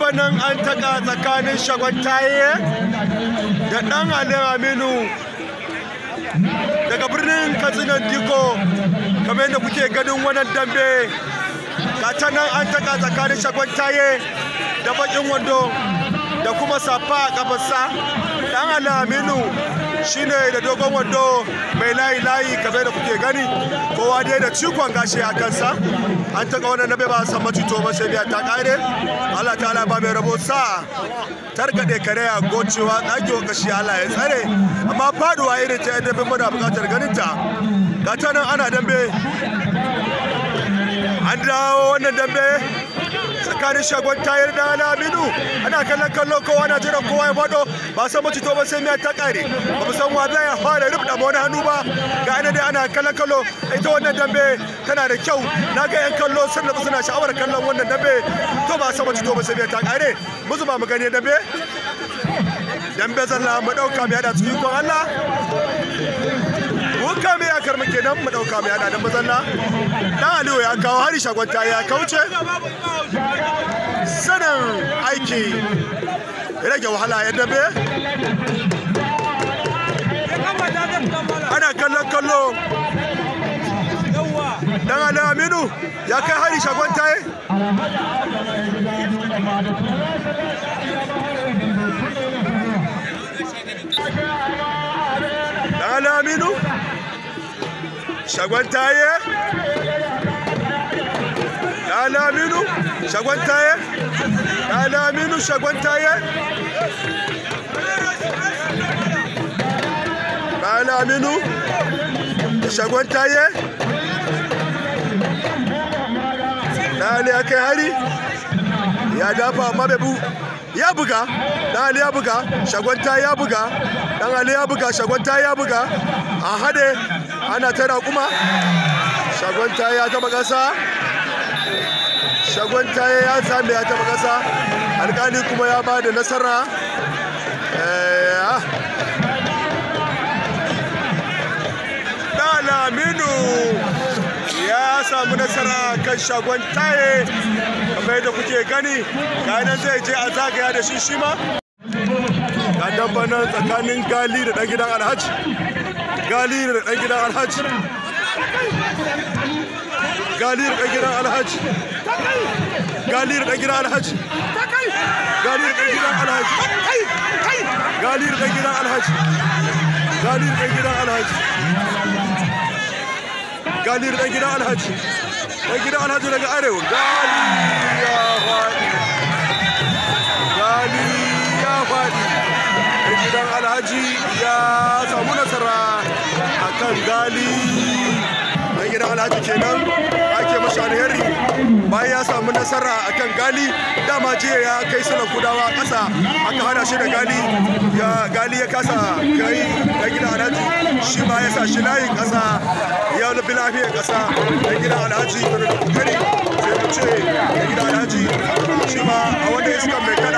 Banan an taka tsakanin shagon shagwataye da ɗan Alin Aminu daga birnin Katsinan Diko kamar yadda kuke ganin wannan dambe gata nan an taka tsakanin shagon shagwataye da bakin wando da kuma safa a ƙafarsa ɗan Alin Aminu shine da dogon wando mai layi layi zai da kuke gani kowa dai da cikon gashi a kansa an taka wannan bai ba san macito ba sai biya ta kare Allah ta'ala ba mai rabo sa targade kare ya gocewa wa kashi Allah ya tsare amma faduwa irin ta yadda muna bukatar ganin ta gata nan ana dambe an dawo wannan dambe tsakanin shagon tayar da alaminu ana kallon kallo kowa na jiran kowa ya fado ba san mace to ba sai miya ta kare ba mu san wa ya fara rubda ba wani hannu ba ga ina dai ana kallon kallo ita wannan dambe tana da kyau na ga yan kallo sun da suna sha'awar kallon wannan dambe to ba san mace to ba sai miya ta kare mu zuba mu gani dambe dambe zalla mu dauka mu yada cikin kon Allah iyakar muke nan mu dauka mu yada da mazanna dan Aliyu ya kawo hari shagwanta ya kauce sanin aiki rage wahala ya dabe ana kallon kallo dan Ali Aminu ya kai hari shagwanta ya Dan Aminu shagon taye Aminu shagon taye Aminu shagon taye Aminu shagon taye lali ya kai hari ya dafa amma bai bu ya buga dan ali ya buga shagon taye ya buga dan ali ya buga shagon taye ya buga a hade ana ta kuma shagon taye ya taɓa ƙasa shagon taye ya sami ya taɓa ƙasa alƙali kuma ya ba da nasara eh, ah. Aminu ya samu nasara kan shagon taye kamar da kuke gani ganin zai je a zagaya da shi shi ma ga dabbanan tsakanin gali da ɗan gidan alhaji galiri da ɗan gidan alhaji galiri ɗan gidan alhaji galiri ɗan gidan alhaji galiri ɗan gidan alhaji galiri ɗan gidan alhaji galiri ɗan gidan alhaji ɗan gidan alhaji ɗan gidan alhaji daga arewa idan alhaji ya samu nasara a kan gali dan gidan alhaji kenan ake masa alheri bayan ya samu nasara a kan gali dama jiya ya kai sula kudawa ƙasa aka hana shi da gali ya gali ya kasa kai dan gidan alhaji shi ma ya sa shi layin ƙasa ya nufi lafiyar ƙasa dan gidan alhaji da kokari sai mu ce dan gidan alhaji shi ma a wanda ya suka mai